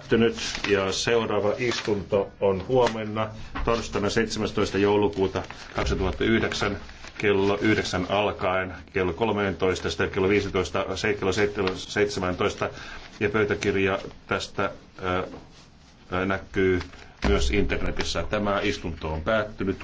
päättynyt ja seuraava istunto on huomenna torstaina 17. joulukuuta 2009 kello 9 alkaen, kello 13, sitten kello 15, kello 17 ja pöytäkirja tästä näkyy myös internetissä. Tämä istunto on päättynyt.